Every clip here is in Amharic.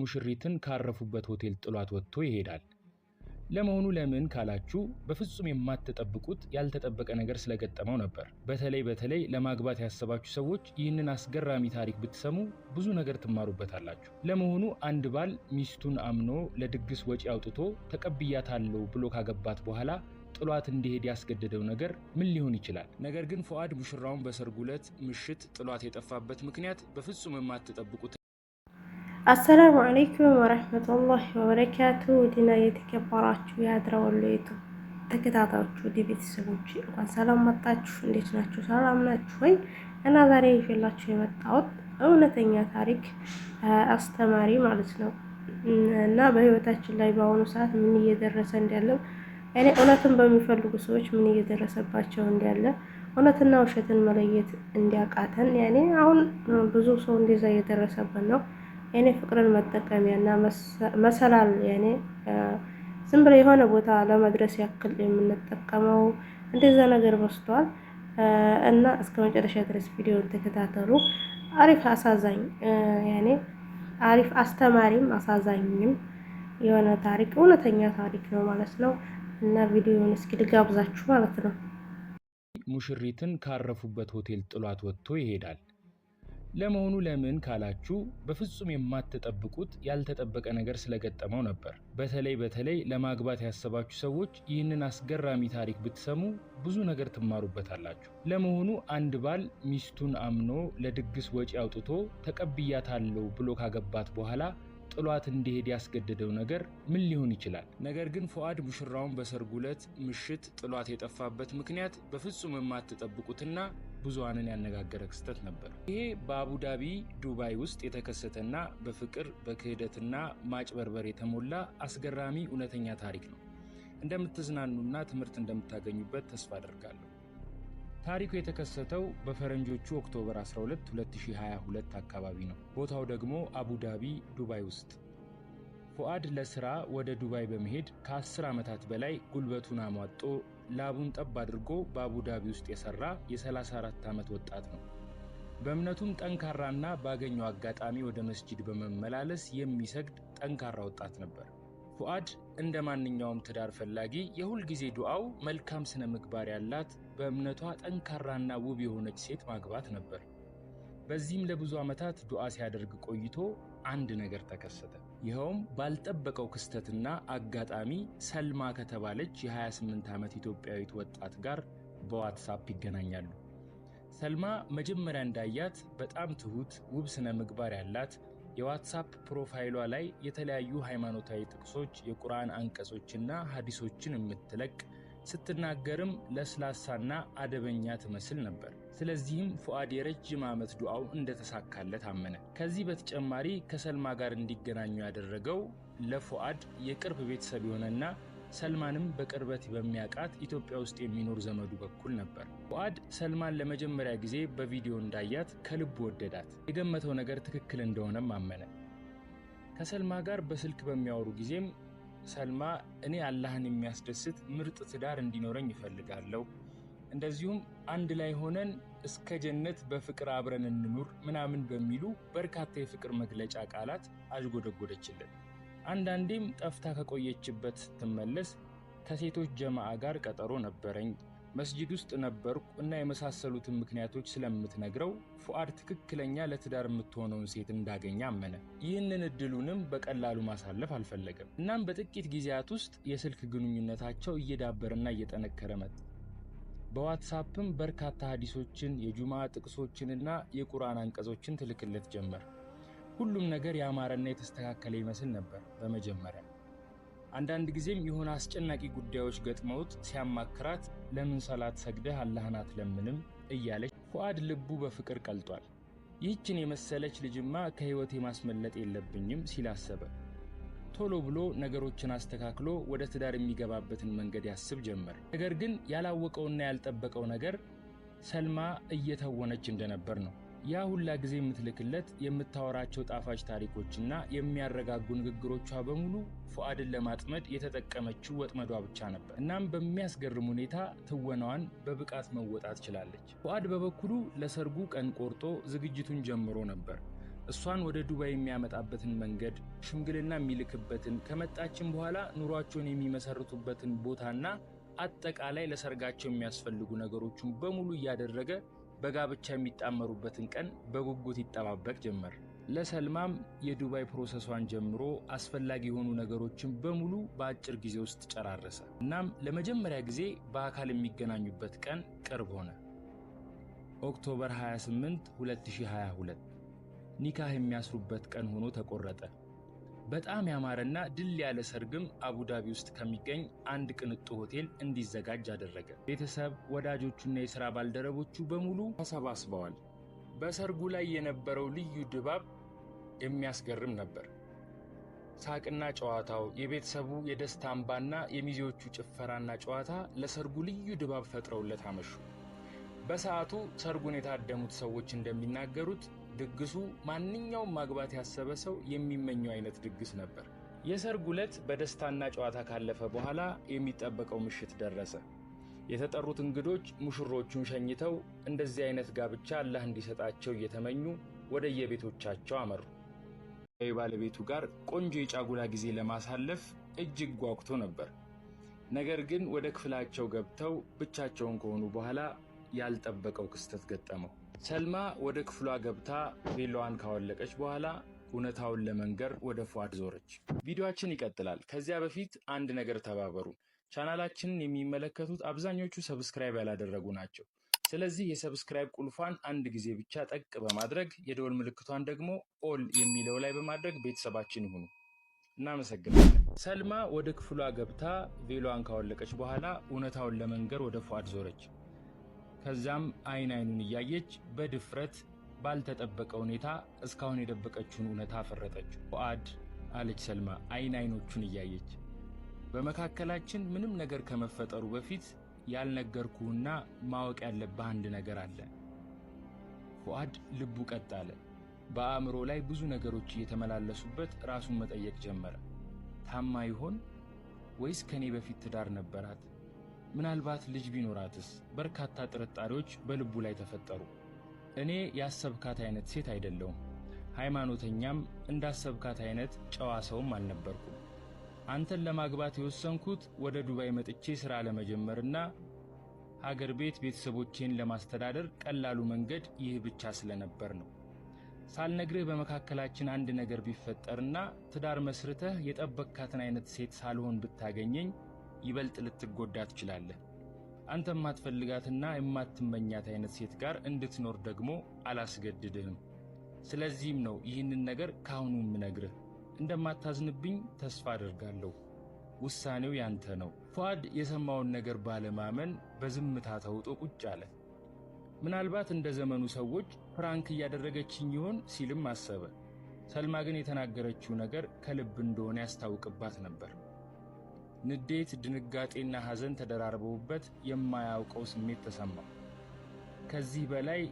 ሙሽሪትን ካረፉበት ሆቴል ጥሏት ወጥቶ ይሄዳል። ለመሆኑ ለምን ካላችሁ በፍጹም የማትጠብቁት ያልተጠበቀ ነገር ስለገጠመው ነበር። በተለይ በተለይ ለማግባት ያሰባችሁ ሰዎች ይህንን አስገራሚ ታሪክ ብትሰሙ ብዙ ነገር ትማሩበታላችሁ። ለመሆኑ አንድ ባል ሚስቱን አምኖ ለድግስ ወጪ አውጥቶ ተቀብያታለሁ ብሎ ካገባት በኋላ ጥሏት እንዲሄድ ያስገደደው ነገር ምን ሊሆን ይችላል? ነገር ግን ፉአድ ሙሽራውን በሰርጉ ዕለት ምሽት ጥሏት የጠፋበት ምክንያት በፍጹም የማትጠብቁት አሰላሙ አለይኩም ወረህመቱላህ ወበረካቱ ውድና የተከበራችሁ የሀድራ ወሎ ዩቱብ ተከታታዮች ውድ ቤተሰቦች እንኳን ሰላም መጣችሁ። እንዴት ናችሁ? ሰላም ናችሁ ወይ? እና ዛሬ ይዤላችሁ የመጣሁት እውነተኛ ታሪክ አስተማሪ ማለት ነው እና በህይወታችን ላይ በአሁኑ ሰዓት ምን እየደረሰ እንዳለ እኔ እውነትን በሚፈልጉ ሰዎች ምን እየደረሰባቸው እንዳለ እውነትና ውሸትን መለየት እንዲያቃተን ያኔ አሁን ብዙ ሰው እንደዛ እየደረሰብን ነው የኔ ፍቅርን መጠቀሚያና መሰላል የኔ ዝም ብለ የሆነ ቦታ ለመድረስ ያክል የምንጠቀመው እንደዛ ነገር በስቷል። እና እስከ መጨረሻ ድረስ ቪዲዮን ተከታተሉ። አሪፍ አሳዛኝ ያኔ አሪፍ አስተማሪም አሳዛኝም የሆነ ታሪክ እውነተኛ ታሪክ ነው ማለት ነው። እና ቪዲዮውን እስኪ ልጋብዛችሁ ማለት ነው። ሙሽሪትን ካረፉበት ሆቴል ጥሏት ወጥቶ ይሄዳል። ለመሆኑ ለምን ካላችሁ በፍጹም የማትጠብቁት ያልተጠበቀ ነገር ስለገጠመው ነበር። በተለይ በተለይ ለማግባት ያሰባችሁ ሰዎች ይህንን አስገራሚ ታሪክ ብትሰሙ ብዙ ነገር ትማሩበታላችሁ። ለመሆኑ አንድ ባል ሚስቱን አምኖ ለድግስ ወጪ አውጥቶ ተቀብያታለሁ ብሎ ካገባት በኋላ ጥሏት እንዲሄድ ያስገደደው ነገር ምን ሊሆን ይችላል? ነገር ግን ፉአድ ሙሽራውን በሰርጉ ዕለት ምሽት ጥሏት የጠፋበት ምክንያት በፍጹም የማትጠብቁትና ብዙሃንን ያነጋገረ ክስተት ነበር። ይሄ በአቡዳቢ ዱባይ ውስጥ የተከሰተና በፍቅር በክህደትና ማጭበርበር የተሞላ አስገራሚ እውነተኛ ታሪክ ነው። እንደምትዝናኑና ትምህርት እንደምታገኙበት ተስፋ አደርጋለሁ። ታሪኩ የተከሰተው በፈረንጆቹ ኦክቶበር 12 2022 አካባቢ ነው። ቦታው ደግሞ አቡዳቢ ዱባይ ውስጥ ፉአድ ለስራ ወደ ዱባይ በመሄድ ከ10 ዓመታት በላይ ጉልበቱን አሟጦ ላቡን ጠብ አድርጎ በአቡዳቢ ውስጥ የሰራ የ34 ዓመት ወጣት ነው። በእምነቱም ጠንካራና ባገኘው አጋጣሚ ወደ መስጂድ በመመላለስ የሚሰግድ ጠንካራ ወጣት ነበር። ፉአድ እንደ ማንኛውም ትዳር ፈላጊ የሁል ጊዜ ዱዓው መልካም ስነ ምግባር ያላት በእምነቷ ጠንካራና ውብ የሆነች ሴት ማግባት ነበር። በዚህም ለብዙ ዓመታት ዱዓ ሲያደርግ ቆይቶ አንድ ነገር ተከሰተ። ይኸውም ባልጠበቀው ክስተትና አጋጣሚ ሰልማ ከተባለች የ28 ዓመት ኢትዮጵያዊት ወጣት ጋር በዋትሳፕ ይገናኛሉ። ሰልማ መጀመሪያ እንዳያት በጣም ትሁት፣ ውብ ስነ ምግባር ያላት የዋትሳፕ ፕሮፋይሏ ላይ የተለያዩ ሃይማኖታዊ ጥቅሶች፣ የቁርአን አንቀጾችና ሀዲሶችን የምትለቅ ስትናገርም ለስላሳና አደበኛ ትመስል ነበር። ስለዚህም ፉአድ የረጅም ዓመት ዱዓው እንደተሳካለት አመነ። ከዚህ በተጨማሪ ከሰልማ ጋር እንዲገናኙ ያደረገው ለፉአድ የቅርብ ቤተሰብ የሆነና ሰልማንም በቅርበት በሚያውቃት ኢትዮጵያ ውስጥ የሚኖር ዘመዱ በኩል ነበር። ፉአድ ሰልማን ለመጀመሪያ ጊዜ በቪዲዮ እንዳያት ከልቡ ወደዳት። የገመተው ነገር ትክክል እንደሆነም አመነ። ከሰልማ ጋር በስልክ በሚያወሩ ጊዜም ሰልማ እኔ አላህን የሚያስደስት ምርጥ ትዳር እንዲኖረኝ ይፈልጋለው እንደዚሁም አንድ ላይ ሆነን እስከ ጀነት በፍቅር አብረን እንኑር ምናምን በሚሉ በርካታ የፍቅር መግለጫ ቃላት አዥጎደጎደችልን። አንዳንዴም ጠፍታ ከቆየችበት ስትመለስ ከሴቶች ጀማዓ ጋር ቀጠሮ ነበረኝ፣ መስጂድ ውስጥ ነበርኩ እና የመሳሰሉትን ምክንያቶች ስለምትነግረው ፉአድ ትክክለኛ ለትዳር የምትሆነውን ሴት እንዳገኘ አመነ። ይህንን እድሉንም በቀላሉ ማሳለፍ አልፈለገም። እናም በጥቂት ጊዜያት ውስጥ የስልክ ግንኙነታቸው እየዳበረና እየጠነከረ መጣ። በዋትሳፕም በርካታ ሀዲሶችን የጁማ ጥቅሶችንና የቁርአን አንቀጾችን ትልክለት ጀመር። ሁሉም ነገር ያማረና የተስተካከለ ይመስል ነበር። በመጀመሪያ አንዳንድ ጊዜም የሆነ አስጨናቂ ጉዳዮች ገጥመውት ሲያማክራት ለምን ሰላት ሰግደህ አላህን አትለምንም እያለች ፉአድ ልቡ በፍቅር ቀልጧል። ይህችን የመሰለች ልጅማ ከሕይወት የማስመለጥ የለብኝም ሲል አሰበ። ቶሎ ብሎ ነገሮችን አስተካክሎ ወደ ትዳር የሚገባበትን መንገድ ያስብ ጀመር። ነገር ግን ያላወቀውና ያልጠበቀው ነገር ሰልማ እየተወነች እንደነበር ነው። ያ ሁላ ጊዜ የምትልክለት የምታወራቸው ጣፋጭ ታሪኮችና የሚያረጋጉ ንግግሮቿ በሙሉ ፉአድን ለማጥመድ የተጠቀመችው ወጥመዷ ብቻ ነበር። እናም በሚያስገርም ሁኔታ ትወናዋን በብቃት መወጣት ችላለች። ፉአድ በበኩሉ ለሰርጉ ቀን ቆርጦ ዝግጅቱን ጀምሮ ነበር። እሷን ወደ ዱባይ የሚያመጣበትን መንገድ፣ ሽምግልና የሚልክበትን፣ ከመጣችን በኋላ ኑሯቸውን የሚመሰርቱበትን ቦታና አጠቃላይ ለሰርጋቸው የሚያስፈልጉ ነገሮችን በሙሉ እያደረገ በጋብቻ የሚጣመሩበትን ቀን በጉጉት ይጠባበቅ ጀመር። ለሰልማም የዱባይ ፕሮሰሷን ጀምሮ አስፈላጊ የሆኑ ነገሮችን በሙሉ በአጭር ጊዜ ውስጥ ጨራረሰ። እናም ለመጀመሪያ ጊዜ በአካል የሚገናኙበት ቀን ቅርብ ሆነ፣ ኦክቶበር 28 2022 ኒካህ የሚያስሩበት ቀን ሆኖ ተቆረጠ። በጣም ያማረና ድል ያለ ሰርግም አቡዳቢ ውስጥ ከሚገኝ አንድ ቅንጡ ሆቴል እንዲዘጋጅ አደረገ። ቤተሰብ፣ ወዳጆቹና የሥራ ባልደረቦቹ በሙሉ ተሰባስበዋል። በሰርጉ ላይ የነበረው ልዩ ድባብ የሚያስገርም ነበር። ሳቅና ጨዋታው፣ የቤተሰቡ የደስታ አምባና የሚዜዎቹ ጭፈራና ጨዋታ ለሰርጉ ልዩ ድባብ ፈጥረውለት አመሹ። በሰዓቱ ሰርጉን የታደሙት ሰዎች እንደሚናገሩት ድግሱ ማንኛውም ማግባት ያሰበ ሰው የሚመኘው አይነት ድግስ ነበር። የሰርጉ ዕለት በደስታና ጨዋታ ካለፈ በኋላ የሚጠበቀው ምሽት ደረሰ። የተጠሩት እንግዶች ሙሽሮቹን ሸኝተው እንደዚህ አይነት ጋብቻ አላህ እንዲሰጣቸው እየተመኙ ወደ የቤቶቻቸው አመሩ። ባለቤቱ ጋር ቆንጆ የጫጉላ ጊዜ ለማሳለፍ እጅግ ጓጉቶ ነበር። ነገር ግን ወደ ክፍላቸው ገብተው ብቻቸውን ከሆኑ በኋላ ያልጠበቀው ክስተት ገጠመው። ሰልማ ወደ ክፍሏ ገብታ ቬሎዋን ካወለቀች በኋላ እውነታውን ለመንገር ወደ ፏድ ዞረች። ቪዲዮችን ይቀጥላል። ከዚያ በፊት አንድ ነገር ተባበሩን። ቻናላችንን የሚመለከቱት አብዛኞቹ ሰብስክራይብ ያላደረጉ ናቸው። ስለዚህ የሰብስክራይብ ቁልፏን አንድ ጊዜ ብቻ ጠቅ በማድረግ የደወል ምልክቷን ደግሞ ኦል የሚለው ላይ በማድረግ ቤተሰባችን ይሁኑ። እናመሰግናለን። ሰልማ ወደ ክፍሏ ገብታ ቬሎዋን ካወለቀች በኋላ እውነታውን ለመንገር ወደ ፏድ ዞረች። ከዛም አይን አይኑን እያየች በድፍረት ባልተጠበቀ ሁኔታ እስካሁን የደበቀችውን እውነታ አፈረጠች ፉአድ አለች ሰልማ አይን አይኖቹን እያየች በመካከላችን ምንም ነገር ከመፈጠሩ በፊት ያልነገርኩህና ማወቅ ያለብህ አንድ ነገር አለ። ፉአድ ልቡ ቀጥ አለ። በአእምሮ ላይ ብዙ ነገሮች እየተመላለሱበት ራሱን መጠየቅ ጀመረ። ታማ ይሆን ወይስ ከኔ በፊት ትዳር ነበራት? ምናልባት ልጅ ቢኖራትስ? በርካታ ጥርጣሬዎች በልቡ ላይ ተፈጠሩ። እኔ ያሰብካት አይነት ሴት አይደለሁም፣ ሃይማኖተኛም እንዳሰብካት አይነት ጨዋ ሰውም አልነበርኩም። አንተን ለማግባት የወሰንኩት ወደ ዱባይ መጥቼ ሥራ ለመጀመርና ሀገር ቤት ቤተሰቦቼን ለማስተዳደር ቀላሉ መንገድ ይህ ብቻ ስለነበር ነው። ሳልነግርህ በመካከላችን አንድ ነገር ቢፈጠርና ትዳር መስርተህ የጠበካትን አይነት ሴት ሳልሆን ብታገኘኝ ይበልጥ ልትጎዳ ትችላለህ። አንተ የማትፈልጋትና የማትመኛት አይነት ሴት ጋር እንድትኖር ደግሞ አላስገድድህም። ስለዚህም ነው ይህንን ነገር ካሁኑ የምነግርህ። እንደማታዝንብኝ ተስፋ አድርጋለሁ። ውሳኔው ያንተ ነው። ፏድ የሰማውን ነገር ባለማመን በዝምታ ተውጦ ቁጭ አለ። ምናልባት እንደ ዘመኑ ሰዎች ፍራንክ እያደረገችኝ ይሆን ሲልም አሰበ። ሰልማ ግን የተናገረችው ነገር ከልብ እንደሆነ ያስታውቅባት ነበር። ንዴት፣ ድንጋጤና ሐዘን ተደራርበውበት የማያውቀው ስሜት ተሰማው። ከዚህ በላይ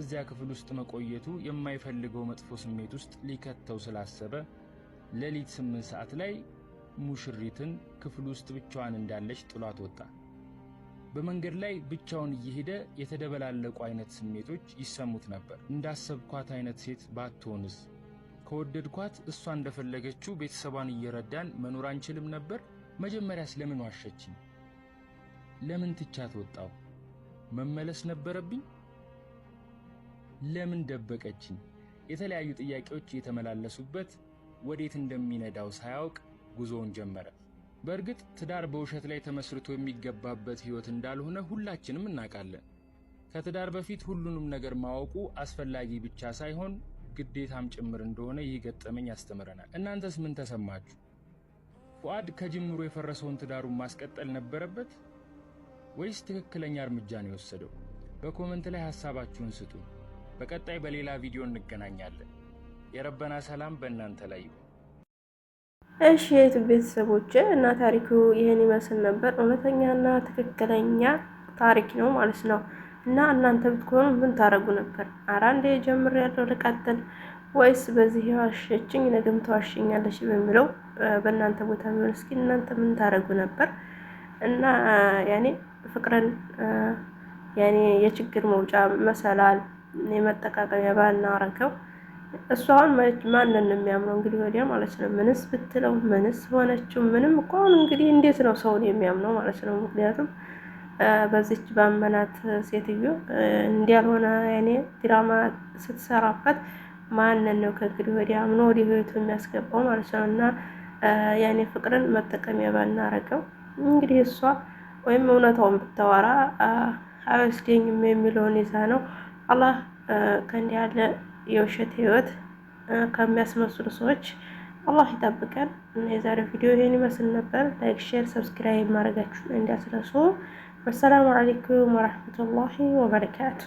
እዚያ ክፍል ውስጥ መቆየቱ የማይፈልገው መጥፎ ስሜት ውስጥ ሊከተው ስላሰበ ሌሊት ስምንት ሰዓት ላይ ሙሽሪትን ክፍል ውስጥ ብቻዋን እንዳለች ጥሏት ወጣ። በመንገድ ላይ ብቻውን እየሄደ የተደበላለቁ አይነት ስሜቶች ይሰሙት ነበር። እንዳሰብኳት አይነት ሴት ባትሆንስ? ከወደድኳት እሷ እንደፈለገችው ቤተሰቧን እየረዳን መኖር አንችልም ነበር? መጀመሪያስ ለምን ዋሸችኝ? ለምን ትቻት ወጣሁ? መመለስ ነበረብኝ? ለምን ደበቀችኝ? የተለያዩ ጥያቄዎች የተመላለሱበት ወዴት እንደሚነዳው ሳያውቅ ጉዞውን ጀመረ። በእርግጥ ትዳር በውሸት ላይ ተመስርቶ የሚገባበት ሕይወት እንዳልሆነ ሁላችንም እናውቃለን። ከትዳር በፊት ሁሉንም ነገር ማወቁ አስፈላጊ ብቻ ሳይሆን ግዴታም ጭምር እንደሆነ ይህ ገጠመኝ ያስተምረናል። እናንተስ ምን ተሰማችሁ? ፉአድ ከጅምሩ የፈረሰውን ትዳሩን ማስቀጠል ነበረበት ወይስ ትክክለኛ እርምጃ ነው የወሰደው? በኮመንት ላይ ሐሳባችሁን ስጡ። በቀጣይ በሌላ ቪዲዮ እንገናኛለን። የረበና ሰላም በእናንተ ላይ ይሁን። እሺ የዩቱብ ቤተሰቦች እና ታሪኩ ይህን ይመስል ነበር። እውነተኛና ትክክለኛ ታሪክ ነው ማለት ነው። እና እናንተ ብትሆኑ ምን ታደርጉ ነበር? አራንዴ ጀምር ያለው ልቀጥል ወይስ በዚህ የዋሸችኝ ነገም ተዋሸኛለች በሚለው በእናንተ ቦታ ቢሆን እስኪ እናንተ ምን ታደረጉ ነበር? እና ያኔ ፍቅርን ያኔ የችግር መውጫ መሰላል የመጠቃቀሚያ ባህልና እሱ አሁን ማንን ነው የሚያምነው? እንግዲህ ወዲያ ማለት ነው ምንስ ብትለው ምንስ ሆነችው ምንም እኮ አሁን እንግዲህ እንዴት ነው ሰውን የሚያምነው ማለት ነው? ምክንያቱም በዚች ባመናት ሴትዮ እንዲያልሆነ ያኔ ድራማ ስትሰራበት ማንን ነው ከእንግዲህ ወዲያ አምኖ ወደ ህይወቱ የሚያስገባው ማለት ነው። እና ያኔ ፍቅርን መጠቀሚያ ባናረገው እንግዲህ እሷ ወይም እውነታውን ብታወራ አይወስደኝም የሚለውን ይዛ ነው። አላህ ከእንዲህ ያለ የውሸት ህይወት ከሚያስመስሉ ሰዎች አላህ ይጠብቀን። እና የዛሬው ቪዲዮ ይሄን ይመስል ነበር። ላይክ፣ ሼር፣ ሰብስክራይብ ማድረጋችሁን እንዳትረሱ። ወሰላሙ አለይኩም ወረህመቱላሂ ወበረካቱ